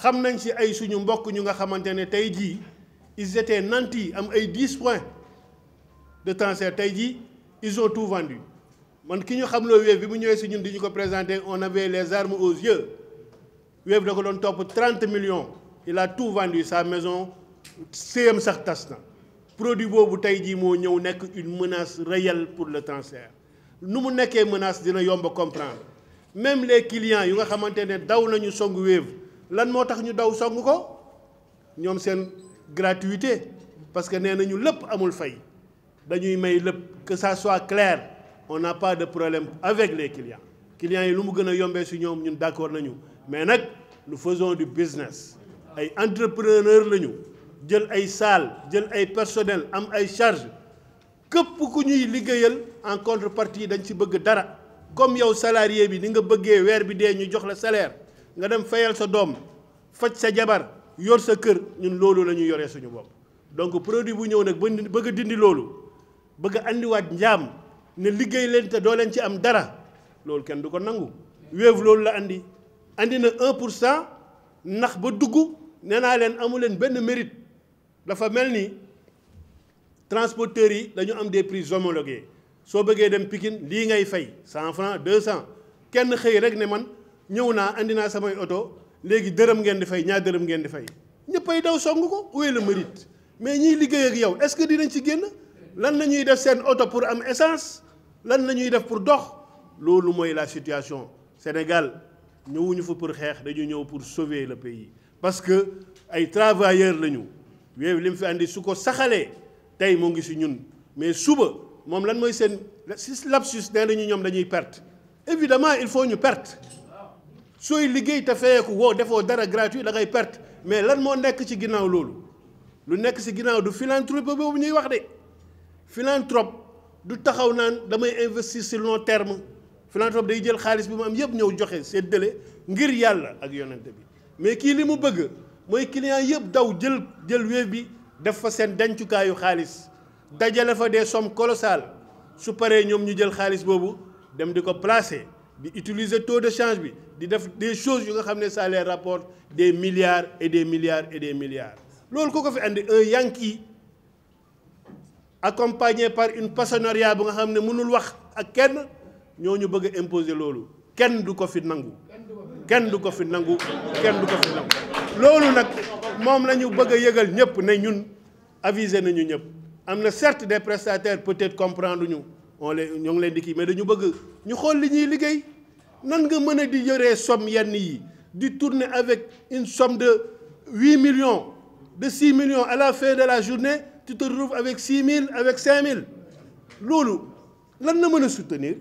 xam nañ si ay suñu mbokk ñu nga xamante ne tey jii ils étaient nantis am ay 10 points de transfert tey jii ils ont tout vendu man ki ñu xam loo Wave bi mu ñëwee si ñun di ñu ko présenté on avait les armes aux yeux Wave da ko doon topp 30 millions il a tout vendu sa maison séyam sax tas na produit boobu tey jii moo ñëw nekk une menace réelle pour le cancer nu mu nekkee menace dina yomb comprendre même les clients yu nga xamante ne daw nañu song Wave lan moo tax ñu daw song ko ñom sen gratuité parce que nee nañu lépp amul fay dañuy may lepp que ça soit clair on n'a pas de problème avec les clients clients yi lu mu gëna yombé su ñom ñun d'accord nañu mais nak nous faisons du business ay entrepreneur lañu jël ay salle jël ay personnel am ay charge kep ku ñuy liggéeyal en contrepartie dañ ci bëgg dara comme yow salarié bi ni nga bëggee weer bi dee ñu jox la salaire nga dem fayal sa doom faj sa jabar yor sa kër ñun loolu la yore suñu bopp donc produit bu ñëw nag bëgg a dindi loolu bëgg a andiwaat njaam ne liggéey leen te doo leen ci am dara loolu kenn du ko nangu Wave loolu la andi andi na 1 pour cent ndax ba dugg nee naa leen amu leen benn mérite dafa mel ni transporteurs yi dañu am des prix homologués soo bëggee dem Pikine lii ngay fay 100 francs 200 kenn xëy rek ne man ñëw naa andi naa samay auto léegi deureum ngeen di fay ñaar deureum ngeen di fay ñeppay daw songu ko où est le mérite mais ñi liggéey ak yow est-ce que dinañ ci génn lan lañuy def seen auto pour am essence lan lañuy def pour dox loolu mooy la situation Sénégal ñëwuñu fa pour xeex dañu ñëw pour sauver le pays parce que ay travailleur lañu wéew lim fi andi su ko saxalee tey moo ngi si ñun mais suba moom lan mooy seen lapsus nee nañu ñoom dañuy perte évidemment il faut ñu perte sooy liggéey te ko wo defo dara gratuit da ngay perte mais lan mo nek ci ginaaw loolu lu nek ci ginaaw du philanthrope bobu ñuy wax de philanthrope du taxaw naan damay investir sur long terme philanthrope day jël xaalis bi mu am yëpp ñëw joxe séddale ngir yalla ak yonent bi mais ki li mu bëgg moy client yëpp daw jël jël Wave bi def fa seen dencukaayu xaalis dajale fa des sommes colossales su paré ñom ñu jël xaalis bobu dem diko placer d'utiliser le taux de change des choses que ça les rapports des milliards et des milliards et des milliards Ce ko fait un Yankee accompagné par une personnalité que vous ne mënul wax ak kenn ñoo ñu bëgg imposer du nangu kenn du nangu kenn du nangu loolu que vous avez bëgg yëgal ñëpp ne ñun aviser nañu ñëpp am certains certes des prestataires peut-être comprendre nous on you mais dañu bëgg ñu li ñuy liggéey nan somme tourner avec une somme de 8 millions de 6 millions à la fin de la journée tu te retrouves avec 6 avec 5000 lan soutenir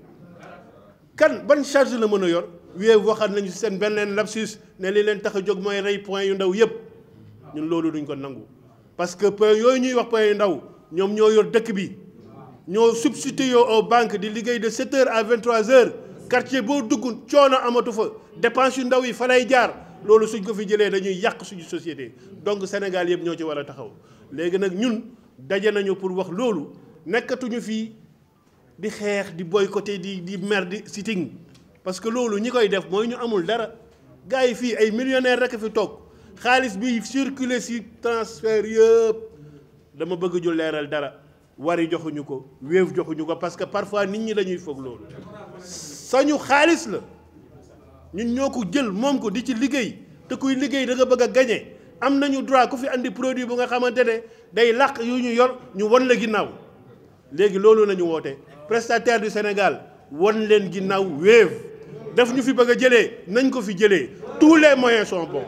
kan charge la yor nañu lapsus ne li leen tax a moy ray point yu ndaw parce que Nous ñuy wax point ñoo substitué aux banques di liggéey de 7 h à 23 h quartier boo dugg coono amatu fa dépense yu ndaw yi fa lay jaar loolu suñ ko fi jëlee dañuy société donc Sénégal yëpp ñoo ci war a taxaw léegi nag ñun daje nañu pour wax loolu nekkatuñu fii di xeex di boycotter di di mer sitting parce que l'olu ñi koy def moy ñu amul dara gaay fi ay millionnaires rek fi tok xaliss bi circuler ci transfert yëpp dama bëgg ju leeral dara wari joxuñu ko wéef joxuñu ko parce que parfois nit ñi lañuy foog loolu ñu xaalis la ñun ñoo ko jël moom ko di ci liggéey te kuy liggéey da bëgg a gañe am nañu droit ku fi andi produit bu nga xamante ne day làq yu ñu yor ñu won la ginnaaw léegi loolu nañu woote prestataire du Sénégal won leen ginnaaw wéef daf ñu fi bëgg a jëlee nañ ko fi jëlee tous les moyens sont bons